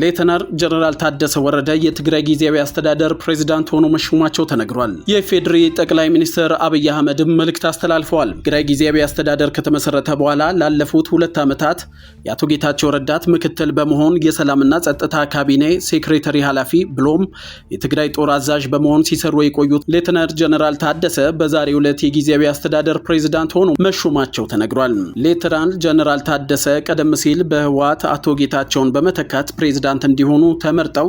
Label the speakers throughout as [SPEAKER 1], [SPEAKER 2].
[SPEAKER 1] ሌተናር ጀነራል ታደሰ ወረደ የትግራይ ጊዜያዊ አስተዳደር ፕሬዚዳንት ሆኖ መሾማቸው ተነግሯል። የፌዴሪ ጠቅላይ ሚኒስትር አብይ አህመድም መልእክት አስተላልፈዋል። ትግራይ ጊዜያዊ አስተዳደር ከተመሰረተ በኋላ ላለፉት ሁለት ዓመታት የአቶ ጌታቸው ረዳት ምክትል በመሆን የሰላምና ጸጥታ ካቢኔ ሴክሬተሪ ኃላፊ ብሎም የትግራይ ጦር አዛዥ በመሆን ሲሰሩ የቆዩት ሌተናር ጀነራል ታደሰ በዛሬው ዕለት የጊዜያዊ አስተዳደር ፕሬዚዳንት ሆኖ መሾማቸው ተነግሯል። ሌተናል ጀነራል ታደሰ ቀደም ሲል በህወሓት አቶ ጌታቸውን በመተካት ፕሬዚዳንት ፕሬዝዳንት እንዲሆኑ ተመርጠው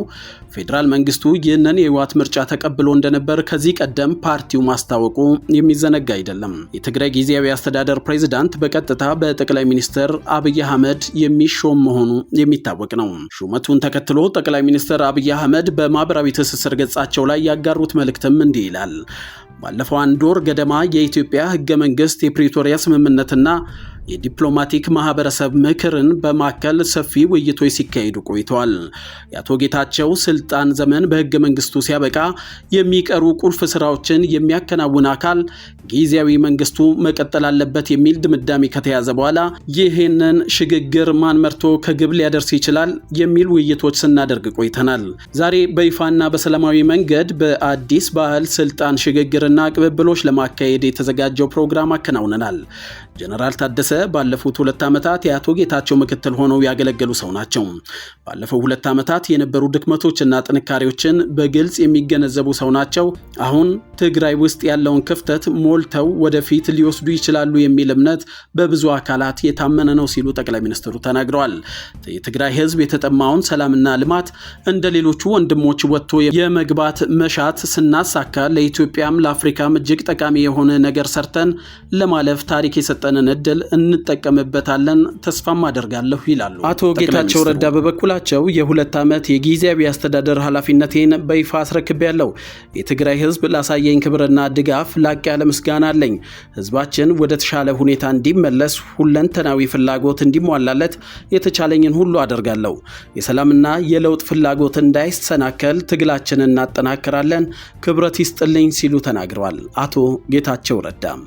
[SPEAKER 1] ፌዴራል መንግስቱ ይህንን የህወሓት ምርጫ ተቀብሎ እንደነበር ከዚህ ቀደም ፓርቲው ማስታወቁ የሚዘነጋ አይደለም። የትግራይ ጊዜያዊ አስተዳደር ፕሬዝዳንት በቀጥታ በጠቅላይ ሚኒስትር አብይ አህመድ የሚሾም መሆኑ የሚታወቅ ነው። ሹመቱን ተከትሎ ጠቅላይ ሚኒስትር አብይ አህመድ በማህበራዊ ትስስር ገጻቸው ላይ ያጋሩት መልእክትም እንዲህ ይላል። ባለፈው አንድ ወር ገደማ የኢትዮጵያ ህገ መንግስት የፕሪቶሪያ ስምምነትና የዲፕሎማቲክ ማህበረሰብ ምክርን በማከል ሰፊ ውይይቶች ሲካሄዱ ቆይተዋል። የአቶ ጌታቸው ስልጣን ዘመን በህገ መንግስቱ ሲያበቃ የሚቀሩ ቁልፍ ስራዎችን የሚያከናውን አካል ጊዜያዊ መንግስቱ መቀጠል አለበት የሚል ድምዳሜ ከተያዘ በኋላ ይህንን ሽግግር ማን መርቶ ከግብ ሊያደርስ ይችላል የሚል ውይይቶች ስናደርግ ቆይተናል። ዛሬ በይፋና በሰላማዊ መንገድ በአዲስ ባህል ስልጣን ሽግግርና ቅብብሎች ለማካሄድ የተዘጋጀው ፕሮግራም አከናውነናል። ጀነራል ታደሰ ባለፉት ሁለት ዓመታት የአቶ ጌታቸው ምክትል ሆነው ያገለገሉ ሰው ናቸው። ባለፈው ሁለት ዓመታት የነበሩ ድክመቶችና ጥንካሬዎችን በግልጽ የሚገነዘቡ ሰው ናቸው። አሁን ትግራይ ውስጥ ያለውን ክፍተት ሞልተው ወደፊት ሊወስዱ ይችላሉ የሚል እምነት በብዙ አካላት የታመነ ነው ሲሉ ጠቅላይ ሚኒስትሩ ተናግረዋል። የትግራይ ሕዝብ የተጠማውን ሰላምና ልማት እንደ ሌሎቹ ወንድሞች ወጥቶ የመግባት መሻት ስናሳካ ለኢትዮጵያም ለአፍሪካም እጅግ ጠቃሚ የሆነ ነገር ሰርተን ለማለፍ ታሪክ የሰጠንን እድል እንጠቀምበታለን፣ ተስፋም አደርጋለሁ ይላሉ።
[SPEAKER 2] አቶ ጌታቸው ረዳ በበኩላቸው የሁለት ዓመት የጊዜያዊ አስተዳደር ኃላፊነቴን በይፋ አስረክቤያለሁ። የትግራይ ሕዝብ ላሳየ ላሳየኝ ክብርና ድጋፍ ላቅ ያለ ምስጋና አለኝ። ህዝባችን ወደ ተሻለ ሁኔታ እንዲመለስ ሁለንተናዊ ፍላጎት እንዲሟላለት የተቻለኝን ሁሉ አደርጋለሁ። የሰላምና የለውጥ ፍላጎት እንዳይሰናከል ትግላችንን እናጠናክራለን። ክብረት ይስጥልኝ ሲሉ ተናግረዋል አቶ ጌታቸው ረዳም